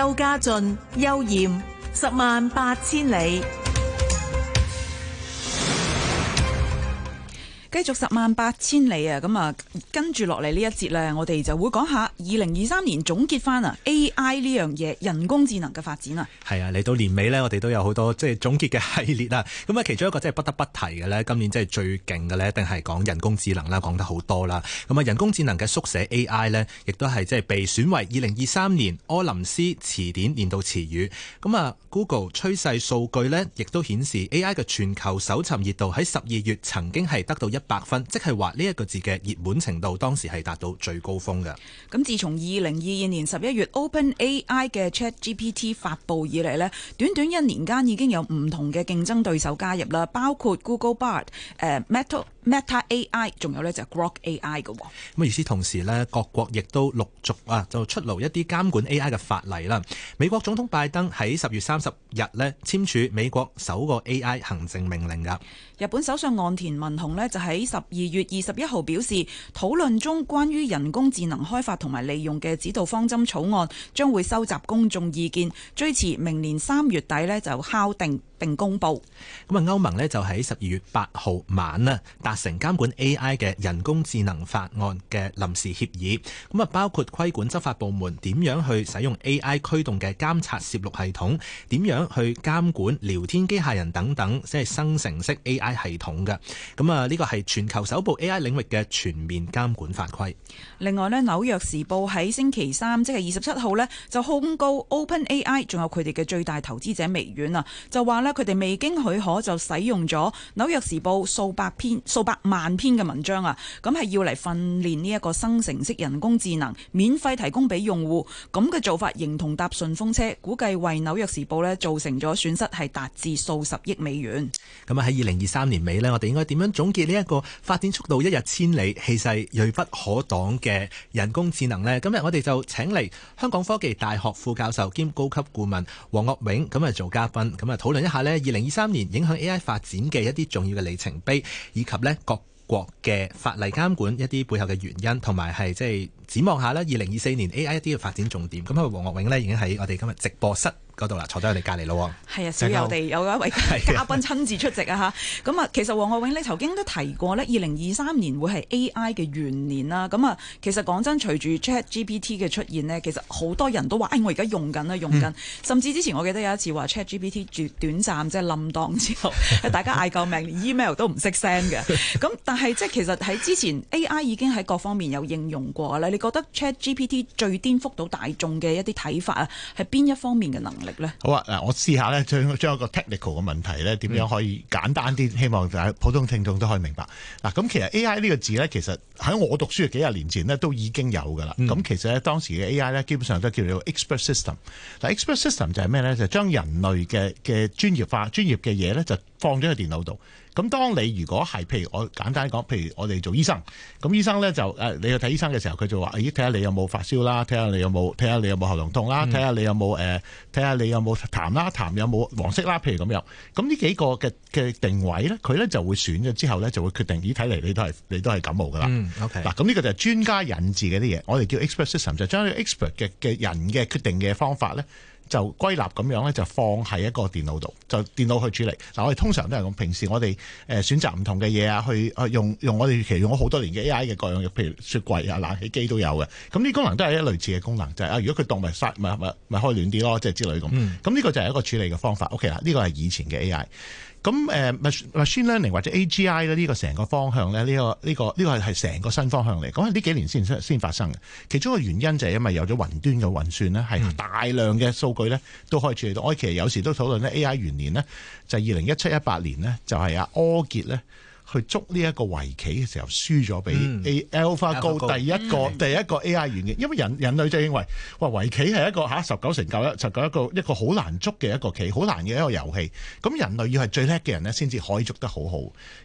周家俊、邱艷，十萬八千里。繼續十萬八千里啊！咁啊，跟住落嚟呢一節呢，我哋就會講下二零二三年總結翻啊 AI 呢樣嘢人工智能嘅發展啊。係啊，嚟到年尾呢，我哋都有好多即係總結嘅系列啦。咁啊，其中一個即係不得不提嘅呢，今年即係最勁嘅呢，一定係講人工智能啦，講得好多啦。咁啊，人工智能嘅縮寫 AI 呢，亦都係即係被選為二零二三年柯林斯詞典年度詞語。咁啊，Google 趨勢數據呢，亦都顯示 AI 嘅全球搜尋熱度喺十二月曾經係得到一百分，即係話呢一個字嘅熱門程度當時係達到最高峰嘅。咁自從二零二二年十一月 OpenAI 嘅 ChatGPT 發布以嚟咧，短短一年間已經有唔同嘅競爭對手加入啦，包括 Google Bard、呃、誒 Meta。Meta AI 仲有咧就 Grok AI 嘅喎，咁啊！與此同時呢，各國亦都陸續啊，就出爐一啲監管 AI 嘅法例啦。美國總統拜登喺十月三十日咧簽署美國首個 AI 行政命令噶。日本首相岸田文雄呢，就喺十二月二十一號表示，討論中關於人工智能開發同埋利用嘅指導方針草案，將會收集公眾意見，最遲明年三月底呢就敲定。定公布咁啊！歐盟咧就喺十二月八號晚啦達成監管 AI 嘅人工智能法案嘅臨時協議，咁啊，包括規管執法部門點樣去使用 AI 驅動嘅監察攝錄系統，點樣去監管聊天機械人等等，即係生成式 AI 系統嘅。咁啊，呢個係全球首部 AI 領域嘅全面監管法規。另外咧，《紐約時報喺星期三，即係二十七號咧，就控告 OpenAI 仲有佢哋嘅最大投資者微軟啊，就話咧。佢哋未經許可就使用咗《紐約時報》數百篇、數百萬篇嘅文章啊，咁係要嚟訓練呢一個生成式人工智能，免費提供俾用戶，咁嘅做法形同搭順風車，估計為《紐約時報》咧造成咗損失係達至數十億美元。咁啊，喺二零二三年尾咧，我哋應該點樣總結呢一個發展速度一日千里、氣勢銳不可擋嘅人工智能咧？今日我哋就請嚟香港科技大學副教授兼高級顧問黃岳永咁啊做嘉賓，咁啊討論一下。呢，二零二三年影響 AI 發展嘅一啲重要嘅里程碑，以及呢，各國嘅法例監管一啲背後嘅原因，同埋係即係展望下啦，二零二四年 AI 一啲嘅發展重點。咁啊，黃岳永呢已經喺我哋今日直播室。度啦，坐咗喺你隔離咯喎。係啊，小友哋好有一位嘉賓親自出席是的 啊咁啊,啊，其實黃岳永你曾經都提過咧，二零二三年會係 AI 嘅元年啦。咁啊，其實講真，隨住 ChatGPT 嘅出現呢，其實好多人都話：，誒、哎，我而家用緊啦，用緊。嗯、甚至之前我記得有一次話 ChatGPT 短暫即係冧檔之後， 大家嗌救命， 連 email 都唔識 send 嘅。咁、啊、但係即係其實喺之前 AI 已經喺各方面有應用過啦。你覺得 ChatGPT 最顛覆到大眾嘅一啲睇法啊，係邊一方面嘅能力？好啊，嗱，我試下咧，將將一個 technical 嘅問題咧，點樣可以簡單啲，希望普通聽眾都可以明白。嗱，咁其實 AI 呢個字咧，其實喺我讀書嘅幾廿年前咧，都已經有噶啦。咁其實咧，當時嘅 AI 咧，基本上都叫做 expert system。嗱，expert system 就係咩咧？就係將人類嘅嘅專業化、專業嘅嘢咧，就放咗喺電腦度。咁，當你如果係，譬如我簡單講，譬如我哋做醫生，咁醫生咧就誒，你去睇醫生嘅時候，佢就話，咦、哎，睇下你有冇發燒啦，睇下你有冇，睇下你有冇喉嚨痛啦，睇下、嗯、你有冇誒，睇、呃、下你有冇痰啦，痰有冇黃色啦，譬如咁樣。咁呢幾個嘅嘅定位咧，佢咧就會選咗之後咧，就會決定咦，睇嚟你都係你都係感冒噶啦。嗱、嗯，咁、okay、呢個就係專家引致嘅啲嘢，我哋叫 expert system，就將 expert 嘅嘅人嘅決定嘅方法咧。就歸納咁樣咧，就放喺一個電腦度，就電腦去處理。嗱、啊，我哋通常都係用，平時我哋誒、呃、選擇唔同嘅嘢啊，去用用我哋其實用咗好多年嘅 AI 嘅各樣嘢，譬如雪櫃啊、冷氣機都有嘅。咁、啊、呢功能都係一類似嘅功能，就係、是、啊，如果佢當埋閂咪咪咪開暖啲咯，即係之類咁。咁呢、嗯啊這個就係一個處理嘅方法。OK 啦，呢、這個係以前嘅 AI。咁 machine learning 或者 AGI 咧，呢個成個方向咧，呢、呢個呢、這個呢、呢個係成個新方向嚟。咁係呢幾年先先發生嘅。其中個原因就係因為有咗雲端嘅運算咧，係大量嘅數據咧都可以處理到。我、嗯、其實有時都討論咧，AI 元年咧就係二零一七一八年咧，就係、是就是、阿柯潔咧。去捉呢一個圍棋嘅時候輸咗俾 AlphaGo 第一個、嗯、第一個 AI 軟件，嗯、因為人的人類就認為，哇圍棋係一個嚇十九成九一十九一個一個好難捉嘅一個棋，好難嘅一個遊戲。咁人類要係最叻嘅人咧，先至可以捉得好好。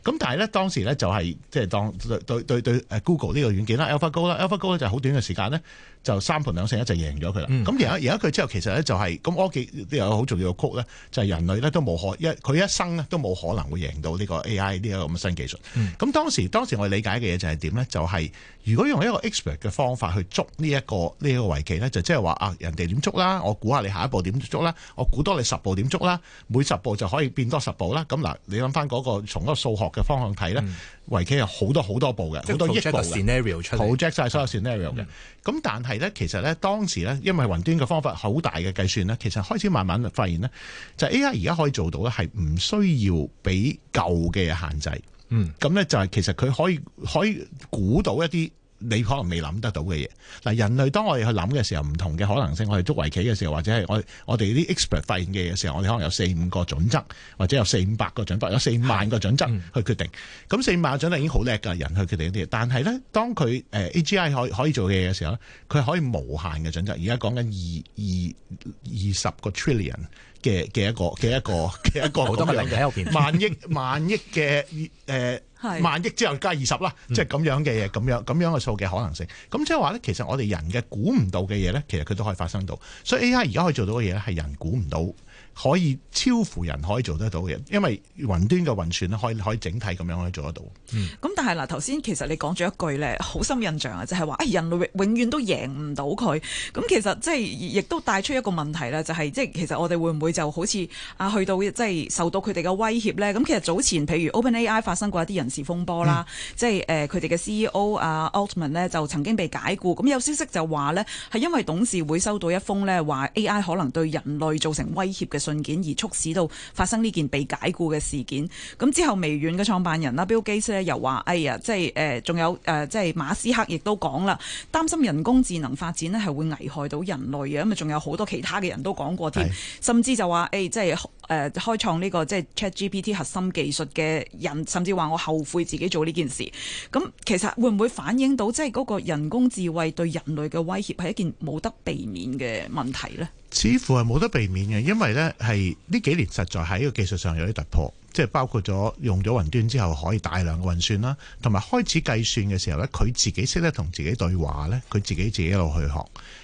咁但係咧當時咧就係即係當對對對,對 Google 呢個軟件 Alpha Go, 啦，Alpha Go 啦，Alpha Go 咧就係好短嘅時間咧。就三盤兩勝一直就贏咗佢啦。咁而家贏咗佢之後，其實咧就係、是、咁，我記都有個好重要嘅曲咧，就係人類咧都冇可一佢一生咧都冇可能會贏到呢個 A I 呢個咁嘅新技術。咁、嗯、當時當時我理解嘅嘢就係點咧？就係、是、如果用一個 expert 嘅方法去捉呢、這、一個呢一、這個圍棋咧，就即係話啊，人哋點捉啦？我估下你下一步點捉啦？我估多你十步點捉啦？每十步就可以變多十步啦。咁嗱，你諗翻嗰個從一個數學嘅方向睇咧。嗯圍棋有好多好多步嘅，好即是 多一步嘅。project 晒所有 scenario 嘅、嗯。咁但係咧，其實咧，當時咧，因為雲端嘅方法好大嘅計算咧，其實開始慢慢發現咧，就 AI 而家可以做到咧，係唔需要俾舊嘅限制。嗯，咁咧就係其實佢可以可以估到一啲。你可能未諗得到嘅嘢，嗱，人類當我哋去諗嘅時候，唔同嘅可能性，我哋捉圍棋嘅時候，或者係我我哋啲 expert 發現嘅嘢嘅時候，我哋可能有四五個準則，或者有四五百個準則，有四萬個準則去決定。咁四萬個準則已經好叻㗎，人去決定啲嘢。但係咧，當佢誒、呃、AGI 可以可以做嘅嘢嘅時候咧，佢可以無限嘅準則。而家講緊二二二十個 trillion 嘅、嘅一個嘅一個嘅一個，好多嘅嘢億， 萬億萬億嘅誒。呃萬億之後加二十啦，即係咁樣嘅嘢，咁樣咁樣嘅數嘅可能性。咁即係話咧，其實我哋人嘅估唔到嘅嘢咧，其實佢都可以發生到。所以 AI 而家可以做到嘅嘢咧，係人估唔到。可以超乎人可以做得到嘅，因為雲端嘅運算咧，可以可以整體咁樣可以做得到。嗯。咁但係嗱，頭先其實你講咗一句咧，好深印象啊，就係話誒人類永遠都贏唔到佢。咁其實即係亦都帶出一個問題啦，就係即係其實我哋會唔會就好似啊去到即係、就是、受到佢哋嘅威脅咧？咁其實早前譬如 OpenAI 發生過一啲人事風波啦，即係誒佢哋嘅 CEO 啊 Altman 咧就曾經被解僱，咁有消息就話咧係因為董事會收到一封咧話 AI 可能對人類造成威脅嘅。信件而促使到發生呢件被解雇嘅事件，咁之後微軟嘅創辦人啦，Bill Gates 咧又話哎呀，即係誒仲有誒即係馬斯克亦都講啦，擔心人工智能發展咧係會危害到人類嘅，咁啊仲有好多其他嘅人都講過添，是甚至就話誒、哎、即係誒、呃、開創呢、這個即係 ChatGPT 核心技術嘅人，甚至話我後悔自己做呢件事。咁其實會唔會反映到即係嗰個人工智慧對人類嘅威脅係一件冇得避免嘅問題咧？似乎係冇得避免嘅，因為呢係呢幾年實在喺個技術上有啲突破，即係包括咗用咗雲端之後可以大量嘅運算啦，同埋開始計算嘅時候呢，佢自己識得同自己對話呢，佢自己自己一路去學。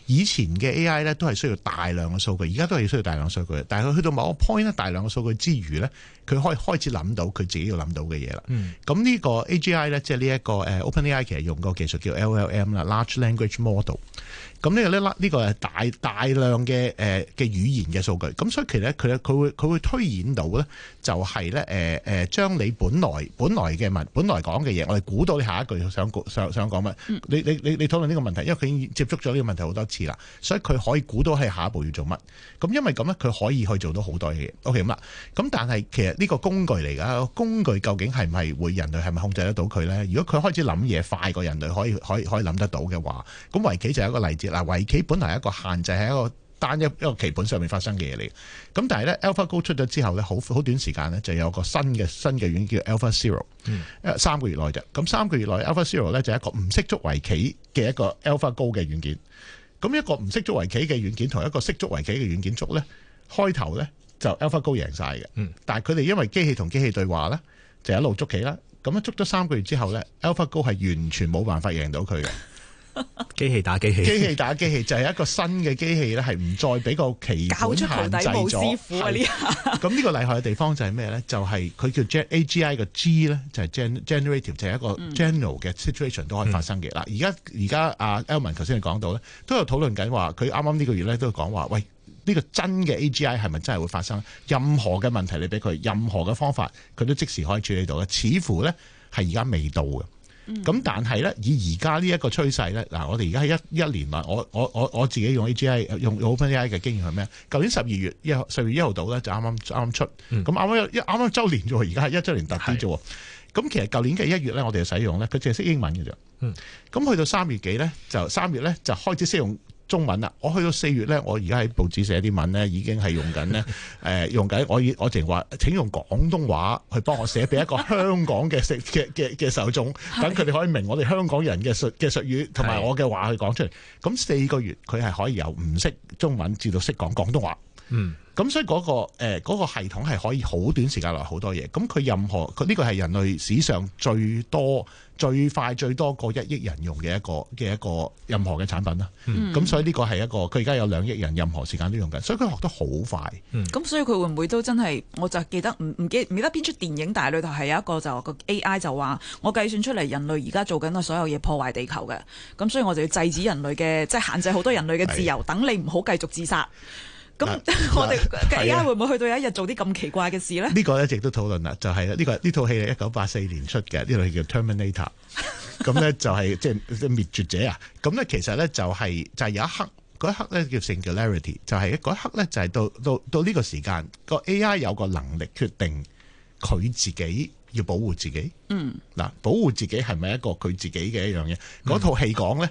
以前嘅 A.I. 咧都係需要大量嘅數據，而家都係需要大量數據，但係佢去到某個 point 咧，大量嘅數據之餘咧，佢可以開始諗到佢自己要諗到嘅嘢啦。咁呢、嗯、個 A.G.I. 咧，即係呢一個誒 Open A.I. 其實用個技術叫 L.L.M. 啦，Large Language Model。咁呢、呢個咧，呢個係大大量嘅誒嘅語言嘅數據。咁所以其實佢咧，佢會佢會推演到咧、就是，就係咧誒誒將你本來本來嘅文本來講嘅嘢，我哋估到你下一句想想想講乜、嗯？你你你你討論呢個問題，因為佢已經接觸咗呢個問題好多次。啦，所以佢可以估到係下一步要做乜咁，因為咁咧，佢可以去做到好多嘢。OK 咁啦，咁但係其實呢個工具嚟噶，工具究竟係咪會人類係咪控制得到佢咧？如果佢開始諗嘢快過人類，人類可以，可以可以可以諗得到嘅話，咁圍棋就係一個例子嗱。圍棋本來係一個限制係一個單一個一個棋盤上面發生嘅嘢嚟，咁但係咧 Alpha Go 出咗之後咧，好好短時間咧就有個新嘅新嘅軟件叫 Alpha Zero，誒、嗯、三個月內啫。咁三個月內 Alpha Zero 咧就係一個唔識捉圍棋嘅一個 Alpha Go 嘅軟件。咁一個唔識捉圍棋嘅軟件同一個識捉圍棋嘅軟件捉咧，開頭咧就 AlphaGo 贏晒嘅。但係佢哋因為機器同機器對話咧，就一路捉棋啦。咁樣捉咗三個月之後咧，AlphaGo 係完全冇辦法贏到佢嘅。機器打機器，機器打機器就係、是、一個新嘅機器咧，係唔再俾個棋盤限制咗。教出徒弟冇師傅啊，呢下，咁呢個厲害嘅地方就係咩咧？就係、是、佢叫 A G I 個 G 咧，就係、是、generative 就係一個 general 嘅 situation 都可以發生嘅。嗱、嗯，而家而家阿 Elman 頭先講到咧，都有討論緊話，佢啱啱呢個月咧都講話，喂，呢、這個真嘅 A G I 係咪真係會發生？任何嘅問題你俾佢，任何嘅方法佢都即時可以處理到咧。似乎咧係而家未到嘅。咁、嗯、但係咧，以而家呢一個趨勢咧，嗱，我哋而家係一一年內，我我我我自己用 A G I 用 OpenAI 嘅經驗係咩？舊年十二月一十月一號到咧就啱啱啱出，咁啱啱啱啱周年啫喎，而家係一周年特啲啫喎。咁是其實舊年嘅一月咧，我哋使用咧，佢淨係識英文嘅啫。咁、嗯、去到三月幾咧，就三月咧就開始識用中文啦，我去到四月咧，我而家喺報紙寫啲文咧，已經係用緊咧，誒、 呃，用緊我以我淨話，請用廣東話去幫我寫俾一個香港嘅嘅嘅嘅受眾，等佢哋可以明我哋香港人嘅術嘅術語同埋我嘅話去講出嚟。咁四 個月，佢係可以由唔識中文至到識講廣東話。嗯，咁所以嗰、嗰個誒嗰、呃嗰個系統係可以好短時間內好多嘢，咁佢任何佢呢個係人類史上最多最快最多過一億人用嘅一個嘅一個任何嘅產品啦。咁、嗯、所以呢個係一個佢而家有兩億人任何時間都用緊，所以佢學得好快。咁、嗯、所以佢會唔會都真係？我就記得唔記得邊出電影大？大裏頭係有一個就個 A I 就話我計算出嚟，人類而家做緊個所有嘢破壞地球嘅，咁所以我就要制止人類，嘅即係限制好多人類嘅自由，等的你唔好繼續自殺。咁那那我哋嘅 AI 會唔會去到有一日做啲咁奇怪嘅事咧？呢、這個一直都討論啦，就係、是、呢、這個呢套戲係一九八四年出嘅，呢套戲叫 Terminator。咁咧、erm、 就係即係滅絕者啊！咁咧其實咧就係、是、就係、是、有一刻嗰一刻咧叫 Singularity，就係嗰一刻咧就係、是、到到到呢個時間個 AI 有個能力決定佢自己要保護自己。嗯，嗱，保護自己係咪一個佢自己嘅一樣嘢？嗰套戲講咧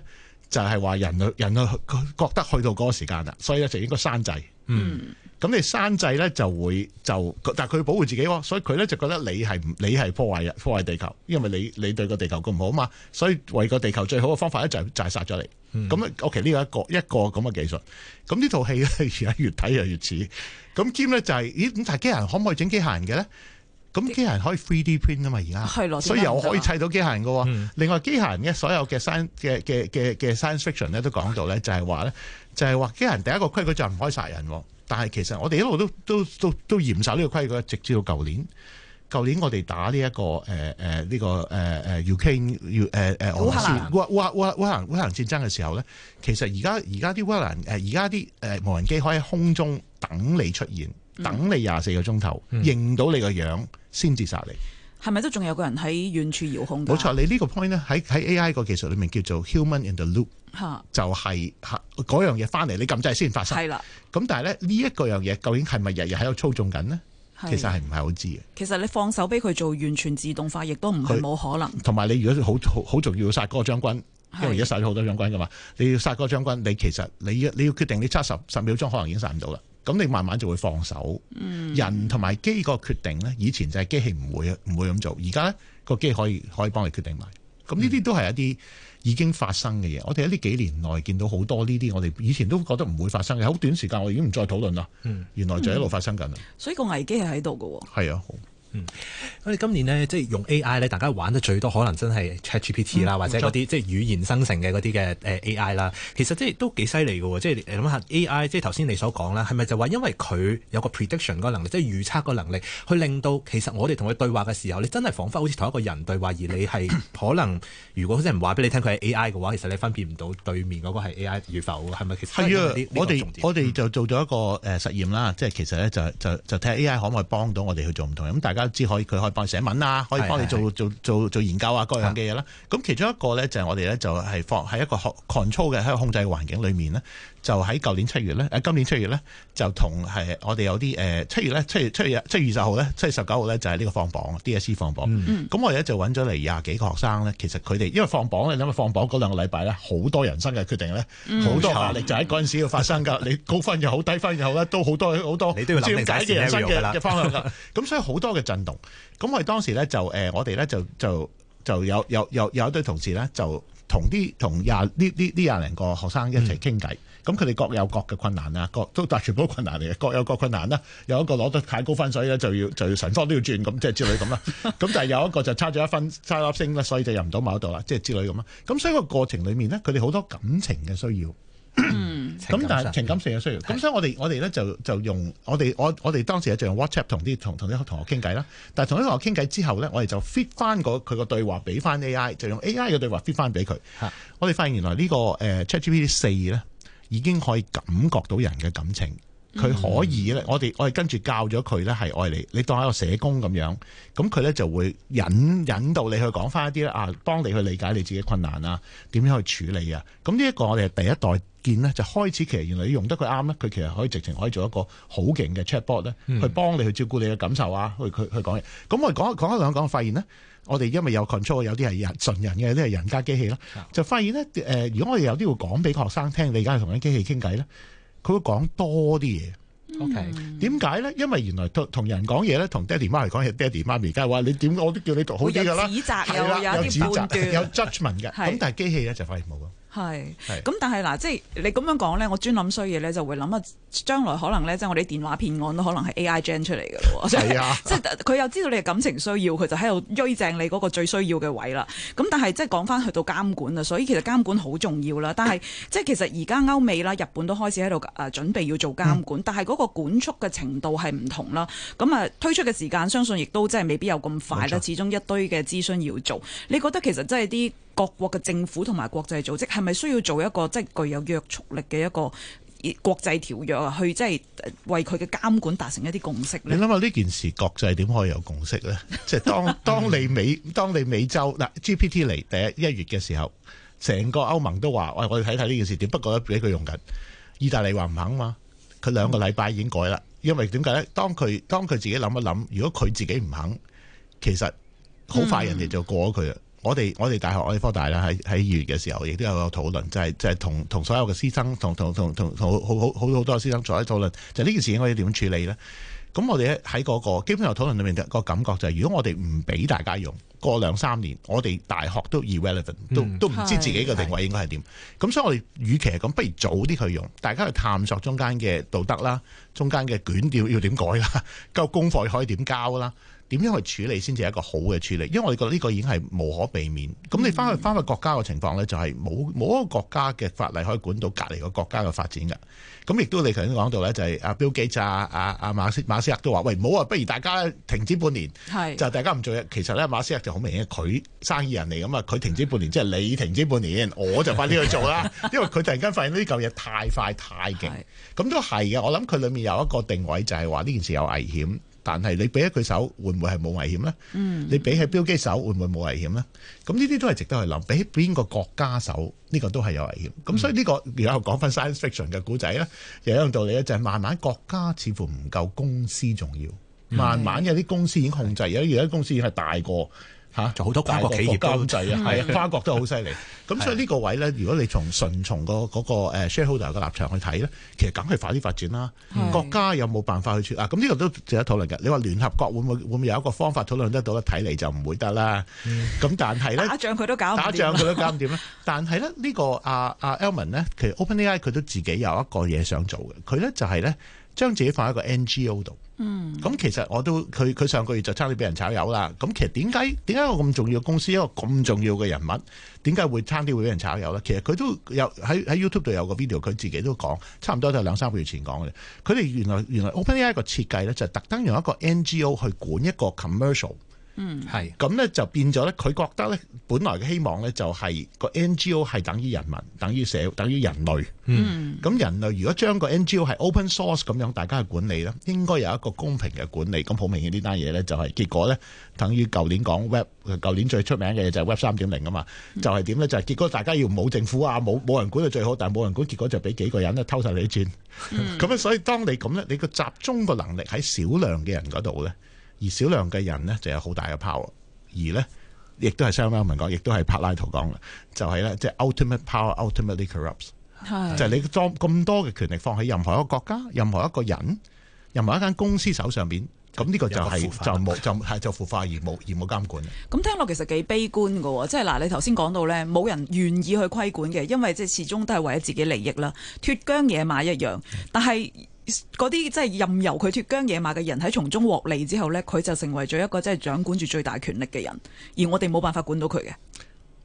就係、是、話人類人類覺得去到嗰個時間啦，所以咧就應該刪制。嗯，咁你刪制咧就會就，但係佢保護自己，所以佢咧就覺得你係唔你係破壞人破壞地球，因為你你對個地球咁唔好啊嘛，所以為個地球最好嘅方法咧就就係殺咗你。咁啊、嗯，我其實呢個一個一個咁嘅技術，咁呢套戲咧而家越睇就越似。咁兼咧就係咦，咁大機器人可唔可以整機器人嘅咧？咁機械人可以 3D print 啊嘛，而家，所以又可以砌到機械人㗎喎。嗯、另外機械人嘅所有嘅 science 嘅嘅嘅嘅 science fiction 咧都講到咧，就係話咧，就係話機械人第一個規矩就唔可以殺人。但係其實我哋一路都都都都嚴守呢個規矩，直至到舊年。舊年我哋打呢、這、一個誒呢、呃這個誒 Ukraine 要誒行戰戰爭嘅時候咧，其實而家而家啲 war 而家啲誒無人機可以空中等你出現。等你廿四個鐘頭，嗯、認到你個樣先至殺你，係咪都仲有個人喺遠處遙控的？冇錯，你這個呢個 point 呢喺喺 AI 個技術裏面叫做 human in the loop，哈就係、是、嗰樣嘢翻嚟，你撳掣先發生。係啦的，咁但係呢一、這個樣嘢，究竟係咪日日喺度操縱緊呢？的其實係唔係好知嘅。其實你放手俾佢做完全自動化，亦都唔係冇可能。同埋你如果好好重要，要殺嗰個將軍，的因為而家殺咗好多將軍㗎嘛，你要殺嗰個將軍，你其實你要你要決定你七十十秒鐘可能已經殺唔到啦。咁你慢慢就會放手。嗯、人同埋機個決定咧，以前就係機器唔會啊，唔會咁做。而家咧個機器可以可以幫你決定埋。咁呢啲都係一啲已經發生嘅嘢。嗯、我哋喺呢幾年內見到好多呢啲，我哋以前都覺得唔會發生嘅，好短時間我已經唔再討論啦。嗯、原來就一路發生緊啦、嗯。所以個危機係喺度㗎喎。係啊。好。嗯，我哋今年呢，即係用 A.I. 咧，大家玩得最多可能真係 ChatGPT 啦，或者嗰啲、嗯、即係語言生成嘅嗰啲嘅誒 A.I. 啦，其實即係都幾犀利嘅，即係你諗下 A.I. 即係頭先你所講啦，係咪就話因為佢有個 prediction 個能力，即係預測個能力，去令到其實我哋同佢對話嘅時候，你真係仿佛好似同一個人對話，而你係可能咳咳如果真係唔話俾你聽佢係 A.I. 嘅話，其實你分辨唔到對面嗰個係 A.I. 與否，係咪？其實係啊的，我哋們我哋就做咗一個誒實驗啦，嗯、即係其實就就就睇下 A.I. 可唔可以幫到我哋去做唔同嘢，咁大家。只可以佢可以幫你寫文啊，可以幫你做是是是做做做，做研究啊，各樣嘅嘢啦。咁是的 其中一個咧，就係我哋咧就係放喺一個控 control 嘅喺個控制嘅環境裏面咧。就喺舊年七月咧，今年七月咧，就同係我哋有啲誒七月咧，七月呢七月七月二十號咧，七月十九號咧，就係、是、呢個放榜 D.S.C. 放榜。咁、嗯、我哋咧就揾咗嚟廿幾個學生咧，其實佢哋因為放榜咧，你諗下放榜嗰兩個禮拜咧，好多人生嘅決定咧，好、嗯、多壓力就喺嗰陣時要發生噶。你高分又好，低分又好呢，都好多好 多，多你都要決定人生嘅嘅 方向㗎。咁所以好多嘅震動。咁我哋當時咧就、呃、我哋咧就就就有有有有一堆同事咧，就同啲同廿呢呢呢廿零個學生一齊傾偈。嗯咁佢哋各有各嘅困難啊，各都都全部都困難嚟嘅，各有各困難啦。有一個攞得太高分，所以咧就要就要神方都要轉咁，即係之類咁啦。咁 但係有一個就差咗一分差粒星啦，所以就入唔到某一度啦，即係之類咁啊。咁所以個過程裡面咧，佢哋好多感情嘅需要，咁、嗯、但係情感性嘅需要。咁因所以我哋我哋咧就就用我哋我我哋當時咧就用 WhatsApp 同啲同同啲同學傾偈啦。但係同啲同學傾偈之後咧，我哋就 fit 翻個佢個對話俾翻 A I，就用 A I 嘅對話 fit 翻俾佢。我哋發現原來呢、這個誒、呃、Chat G P T 四咧。已經可以感覺到人嘅感情，佢可以咧、嗯，我哋我哋跟住教咗佢咧係愛你，你當係一個社工咁樣，咁佢咧就會引引導你去講翻一啲咧啊，幫你去理解你自己困難啊，點樣去處理啊，咁呢一個我哋係第一代見咧，就開始其實原來你用得佢啱咧，佢其實可以直情可以做一個好勁嘅 chatbot 咧，去幫你去照顧你嘅感受啊，去佢去講嘢，咁我哋講講一兩講發現咧。我哋因為有 control，有啲係人純人嘅，有啲係人，人，人家機器啦，就發現咧、呃，如果我哋有啲會講俾學生聽，你而家係同緊機器傾偈咧，佢會講多啲嘢。OK，點解咧？因為原來同同人講嘢咧，同爹哋媽咪講係爹哋媽咪，而家係話你點，我都叫你讀好啲㗎啦。有指責，對有有判斷 有 judgment 嘅。咁是但係機器咧就發現冇。係，咁是是但係嗱，即係你咁樣講咧，我專諗衰嘢咧，就會諗啊，將來可能咧，即係我哋電話騙案都可能係 A I Gen 出嚟嘅咯，即係， 即係佢又知道你嘅感情需要，佢就喺度追正你嗰個最需要嘅位啦。咁但係即係講翻去到監管啊，所以其實監管好重要啦。但係即係其實而家歐美啦、日本都開始喺度誒準備要做監管，嗯、但係嗰個管束嘅程度係唔同啦。咁啊，推出嘅時間相信亦都即係未必有咁快啦。錯始終一堆嘅諮詢要做，你覺得其實真係啲？各國嘅政府同埋國際組織係咪需要做一個即係具有約束力嘅一個國際條約啊？去即係為佢嘅監管達成一啲共識咧？你諗下呢件事，國際點可以有共識咧？即係 當當你美當你美洲嗱、啊、GPT 嚟，第一一月嘅時候，成個歐盟都話：喂、哎，我哋睇睇呢件事點？不過咧，俾佢用緊，意大利話唔肯嘛！佢兩個禮拜已經改啦，嗯、因為點解咧？當佢當佢自己諗一諗，如果佢自己唔肯，其實好快人哋就過咗佢啊！嗯我哋我哋大學我哋科大啦，喺喺二月嘅時候，亦都有個討論，就係、是、就係、是、同同所有嘅師生，同同同同同好好好好好多師生做一討論，就呢、是、件事應該要點處理咧？咁我哋喺、那個嗰個基本上討論裏面，個感覺就係、是，如果我哋唔俾大家用，過兩三年，我哋大學都 irrelevant，、嗯、都都唔知自己嘅定位應該係點。咁是所以我哋與其係咁，不如早啲去用，大家去探索中間嘅道德啦，中間嘅卷調要點改啦，交功課可以點交啦。點樣去處理先至係一個好嘅處理？因為我哋覺得呢個已經係無可避免。咁你翻去翻去國家嘅情況咧，嗯、就係冇冇一個國家嘅法例可以管到隔離個國家嘅發展嘅。咁亦都你頭先講到咧，就係阿 Bill Gates 啊、阿、啊、阿、啊、馬斯馬斯克都話：喂，唔好啊！不如大家停止半年，是就大家唔做嘢。其實咧，馬斯克就好明顯，佢生意人嚟咁啊，佢停止半年即係、就是、你停止半年，我就快啲去做啦。 因為佢突然間發現呢嚿嘢太快太勁，咁都係嘅。我諗佢裡面有一個定位，就係話呢件事有危險。但係你俾咗佢手會唔會係冇危險咧？嗯、你俾係標機手會唔會冇危險咧？咁呢啲都係值得去諗。俾邊個國家手呢、呢個都係有危險。咁所以呢、呢個而家講翻 science、嗯、fiction 嘅古仔啦。有一樣道理咧，就係、是、慢慢國家似乎唔夠公司重要。慢慢有啲公司已經控制，嗯、有啲公司已經係大過。就好、啊、多跨國企業交際啊，係啊、嗯，跨國都好犀利。咁所以呢個位咧，如果你從順從、嗰個、嗰個 shareholder 個立場去睇咧，其實梗係快啲發展啦。嗯、國家有冇辦法去處理啊？咁呢個都值得討論嘅。你話聯合國會唔會會唔會有一個方法討論得到咧？睇嚟就唔會得啦。咁、嗯、但係咧，打仗佢都搞唔打仗佢都搞唔掂啦。 但係咧，呢個啊啊、呢個阿阿 Elman 咧，其實 OpenAI 佢都自己有一個嘢想做嘅。佢咧就係咧。將自己放喺個 NGO 度，咁、嗯、其實我都佢佢上個月就差啲俾人炒魷啦。咁其實點解點解一個咁重要嘅公司，一個咁重要嘅人物，點解會差啲會俾人炒魷咧？其實佢都有喺喺 YouTube 度有個 video，佢自己都講，差唔多就兩三個月前講嘅。佢哋原來原來 OpenAI 個設計咧，就特登用一個 NGO 去管一個 commercial。嗯，係咁咧，就變咗咧。佢覺得咧，本來嘅希望咧，就係個 N G O 係等於人民，等於社，等於人類。嗯，咁人類如果將個 N G O 係 Open Source 咁樣，大家去管理咧，應該有一個公平嘅管理。咁好明顯呢單嘢咧，就係結果咧，等於舊年講 Web，舊年最出名嘅嘢就係 Web 三點零啊嘛。就係點咧，就係、是、結果大家要冇政府啊，冇冇人管就最好，但係冇人管，結果就俾幾個人咧偷晒你錢咁啊，嗯、所以當你咁咧，你個集中個能力喺少量嘅人嗰度咧。而少量嘅人呢，就有好大嘅 power。而呢，亦都係收翻我文講，亦都係柏拉圖講嘅，就係、是、呢，即係 ultimate power ultimately corrupts 是。就係你將咁多嘅權力放喺任何一個國家、任何一個人、任何一間公司手上邊，咁呢個就係、是、就冇就係就腐化而冇而冇監管。咁聽落其實幾悲觀嘅喎，即係嗱，你頭先講到呢，冇人願意去規管嘅，因為即係始終都係為咗自己利益啦，脫韁野馬一樣。但係嗰啲即係任由佢脫韁野馬嘅人喺從中獲利之後呢，佢就成為咗一個即係掌管住最大權力嘅人，而我哋冇辦法管到佢嘅。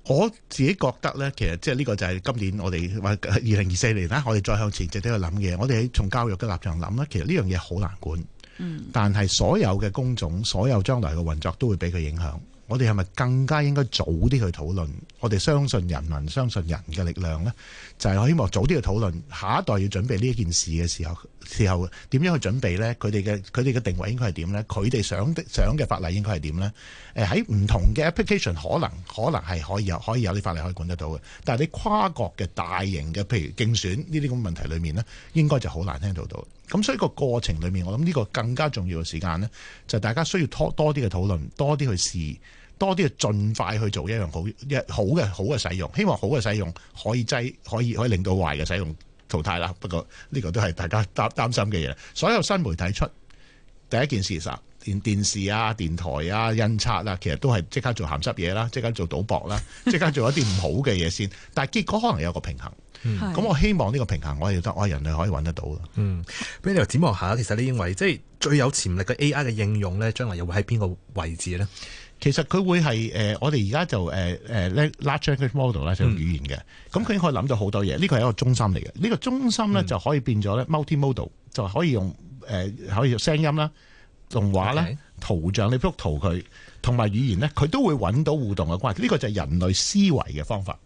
我自己覺得呢，其實即係呢個就係今年我哋或二零二四年啦，我哋再向前值得去諗嘅。我哋喺從教育嘅立場諗呢，其實呢樣嘢好難管。嗯，但係所有嘅工種，所有將來嘅運作都會俾佢影響。我哋係咪更加應該早啲去討論？我哋相信人民，相信人嘅力量咧，就係我希望早啲去討論，下一代要準備呢一件事嘅時候，時候點樣去準備咧？佢哋嘅佢哋嘅定位應該係點咧？佢哋想想嘅法例應該係點咧？呃，喺唔同嘅 application 可能可能係可以有可以有啲法例可以管得到嘅，但係你跨國嘅大型嘅譬如競選呢啲咁嘅問題裏面咧，應該就好難聽到到。咁所以個過程裏面，我諗呢個更加重要嘅時間咧，就係、大家需要拖多啲嘅討論，多啲去試，多啲去多盡快去做一樣好一好嘅好嘅使用。希望好嘅使用可以制，可以可以，可以令到壞嘅使用淘汰啦。不過呢個都係大家擔擔心嘅嘢。所有新媒體出第一件事，實連電視啊、電台啊、印刷啊，其實都係即刻做鹹濕嘢啦，即刻做賭博啦，即刻做一啲唔好嘅嘢先。 但係結果可能有一個平衡。咁、嗯、我希望呢個平衡，我係得我人類可以揾得到嘅。嗯，不如展望下，其實你認為即係、就是、最有潛力嘅 A I 嘅應用咧，將來又會喺邊個位置咧？其實佢會係誒、呃，我哋而家就誒誒咧 large language model 咧就是、語言嘅，咁佢、嗯、可以諗到好多嘢。呢個係一個中心嚟嘅，呢、這個中心咧、嗯、就可以變咗 multi model，就可以用誒、呃、可以用聲音啦、動畫啦、的圖像你幅圖佢，同埋語言咧，佢都會揾到互動嘅關係。呢、這個就係人類思維嘅方法。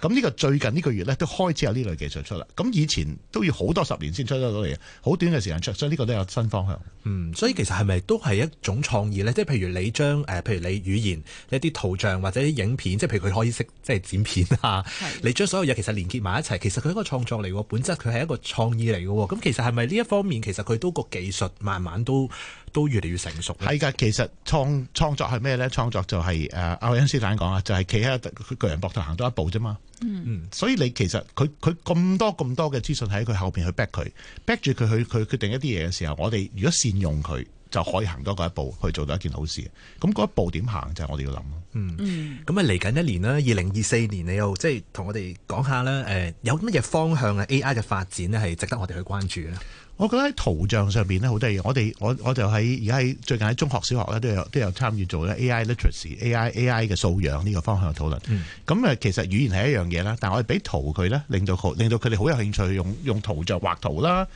咁呢個最近呢個月咧都開始有呢類技術出啦。咁以前都要好多十年先出得到嚟，好短嘅時間出，所以呢個都有新方向。嗯，所以其實係咪都係一種創意咧？即係譬如你將誒，譬如你語言你一啲圖像或者啲影片，即係譬如佢可以識即係剪片啊。係。你將所有嘢其實連結埋一齊，其實佢一個創作嚟喎，本質佢係一個創意嚟嘅喎。咁其實係咪呢一方面其實佢都個技術慢慢都都越嚟越成熟咧？係噶，其實創創作係咩咧？創作就係、是、誒，愛、啊、因斯坦講啊，就係企喺巨人膊頭行多一步啫嘛。嗯嗯，所以你其實佢佢咁多咁多嘅資訊喺佢後邊去 back 佢，back 住佢去佢決定一啲嘢嘅時候，我哋如果善用佢，就可以多行多過一步去做到一件好事。咁嗰一步點行就係我哋要諗咯。嗯，咁啊嚟緊一年啦，二零二四年你又即係同我哋講下咧，誒，有乜嘢方向嘅 AI 嘅發展咧係值得我哋去關注咧？我覺得喺圖像上面咧，好得意。我哋我我就喺而家喺最近喺中學、小學咧，都有都有參與做咧 AI literacy、AI AI 嘅素養呢個方向嘅討論。咁、嗯、其實語言係一樣嘢啦，但我哋俾圖佢咧，令到令到佢哋好有興趣用用圖像畫圖啦。誒、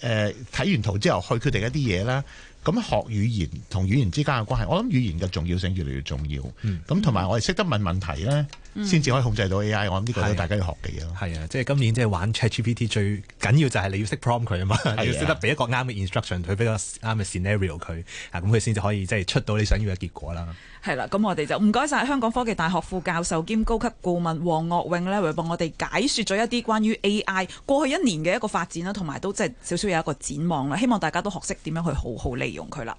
呃、睇、呃、完圖之後去佢哋一啲嘢啦。咁學語言同語言之間嘅關係，我諗語言嘅重要性越嚟越重要。咁同埋我哋識得問問題咧，先至可以控制到 AI，我諗呢個都大家要學嘅嘢咯。係啊，啊，即係今年即係玩 ChatGPT 最緊要就係你要識 prompt 佢啊嘛，係、啊、要識得俾一個啱嘅 instruction，佢俾個啱嘅 scenario 佢，咁佢先至可以即係出到你想要嘅結果啦。係啦、啊，咁我哋就唔該晒香港科技大學副教授兼高級顧問黃岳永咧，會幫我哋解說咗一啲關於 AI 過去一年嘅一個發展啦，同埋都即係少少有一個展望啦。希望大家都學識點樣去好好利用佢啦。